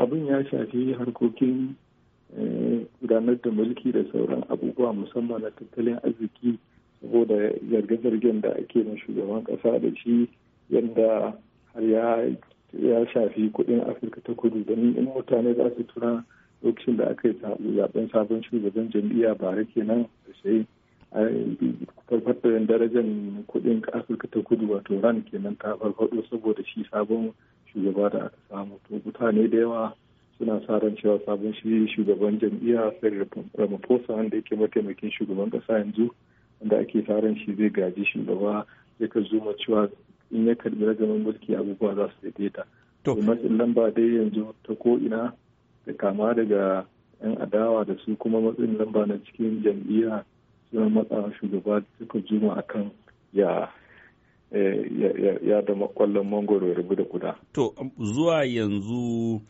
abin ya shafi harkokin eh, gudanar da mulki da sauran abubuwa musamman na tattalin arziki saboda zarge-zargen da ake na shugaban kasa da shi yadda har ya shafi kudin afirka ta kudu domin in mutane za su tura lokacin da aka yi zaben sabon shugaban jam'iyya bare kenan da sai farfadar darajar kudin afirka ta kudu wato ran kenan ta farfado saboda shi sabon shugaba da aka samu to mutane da yawa suna sa ran cewa sabon shi shugaban jam'iyya sai ramaphosa wanda yake mataimakin shugaban kasa yanzu wanda ake sa ran shi zai gaji shugaba zai ka zuma cewa in ya karbi ragaman mulki abubuwa za su daidaita to matsin lamba dai yanzu ta ko ina da kama daga yan adawa da su kuma matsin lamba na cikin jam'iyya suna matsawa shugaba suka zuma akan ya Eh, ya da kwallon mangoro ya rubu da kuda. To zuwa yanzu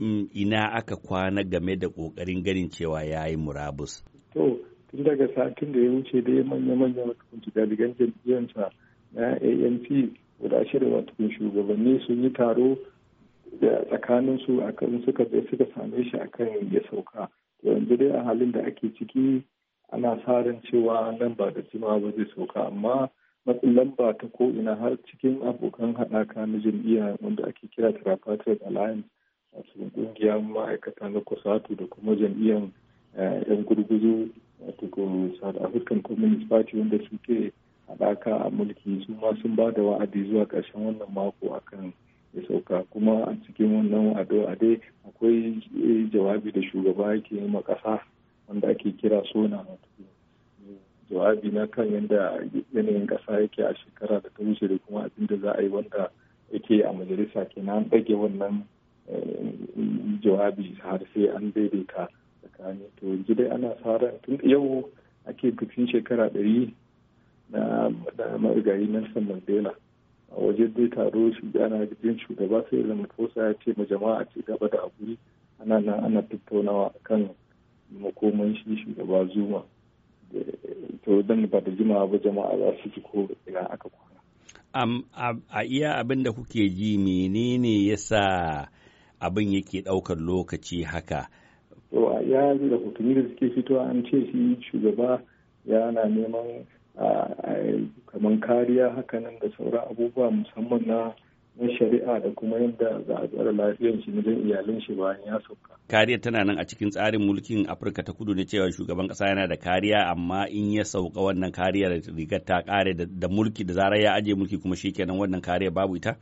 mm, ina aka kwana game da kokarin ganin cewa ya yi murabus. To tun daga satin da ya wuce dai manya-manya matukunci daliban jam'iyyarsa na ANP guda shirin matukun shugabanni sun yi taro da tsakaninsu akan suka suka same shi akan ya sauka. To yanzu dai a halin da ake ciki ana sa ran cewa nan ba da jima'a ba zai sauka amma matsin lamba ta ko'ina har cikin abokan haɗaka na jam'iyya wanda ake kira tripartite alliance a cikin ƙungiyar ma'aikata na da kuma jam'iyyar yan eh, gurguzu wato south african communist party wanda suke haɗaka a mulki su ma sun ba da wa'adi zuwa ƙarshen wannan mako akan ya sauka kuma a cikin wannan wa'ade akwai eh, jawabi da shugaba yake yi ma ƙasa wanda ake kira sona wato jawabi na kan yadda yanayin ƙasa yake a shekara da ta wuce da kuma abin da za a yi wanda yake a majalisa kenan ɗage wannan eh, jawabi har sai an daidaita tsakanin to yanzu dai ana fara tun yau ake bikin shekara ɗari na marigayi Nelson Mandela a waje dai taro shi ana jin shugaba sai zama kosa ya ce ma jama'a ce gaba da abu ana nan ana tattaunawa kan makoman shi shugaba Zuma to dan ba da jimawa ba jama'a za su ji ko ina aka kwana. a iya abin da kuke ji menene ya sa abin yake ɗaukar lokaci haka. To a iya da hukumi da suke fitowa an ce shi shugaba yana neman kamar kariya hakanan da sauran abubuwa musamman na na shari'a da kuma yadda za a tsara lafiyar shi wajen iyalin shi bayan ya sauka. kariyar tana nan a cikin tsarin mulkin Afirka ta kudu ne cewa shugaban kasa yana da kariya amma in ya sauka wannan kariyar rigar ta kare da mulki da zarar ya aje mulki kuma kenan wannan kariyar babu ita?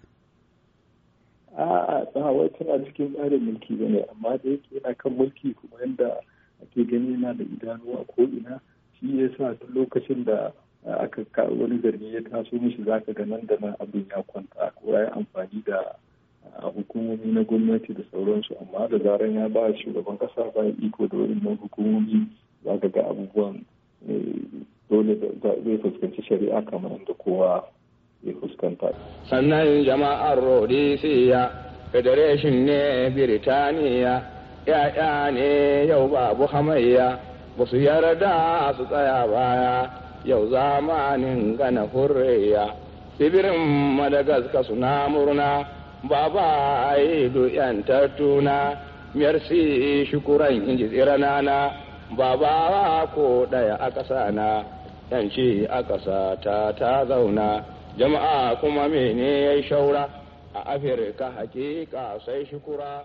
A'a, ba wai tana cikin tsarin mulki ba ne amma da yake yana kan mulki kuma yadda ake gani yana da idanuwa ko ina shi ya sa lokacin da aka wani gari ya taso mishi za ka ga nan da nan abin ya kwanta ko ya amfani da hukumomi na gwamnati da sauransu amma da zaran ya ba shugaban kasa ba iko da wani na hukumomi za ka ga abubuwan eh, dole zai fuskanci shari'a kamar da kowa ya fuskanta. sannan jama'ar rodisiya federation ne biritaniya ya'ya ne yau babu hamayya ba su yarda su tsaya baya yau zamanin gana hurriya tsibirin madagaskar suna murna ba ba a yi duyan tattuna merci shukuran inji na, ba ba ko ɗaya a ƙasa na yanci a ƙasa ta ta zauna jama'a kuma mene ya shaura a afirka hakika sai shukura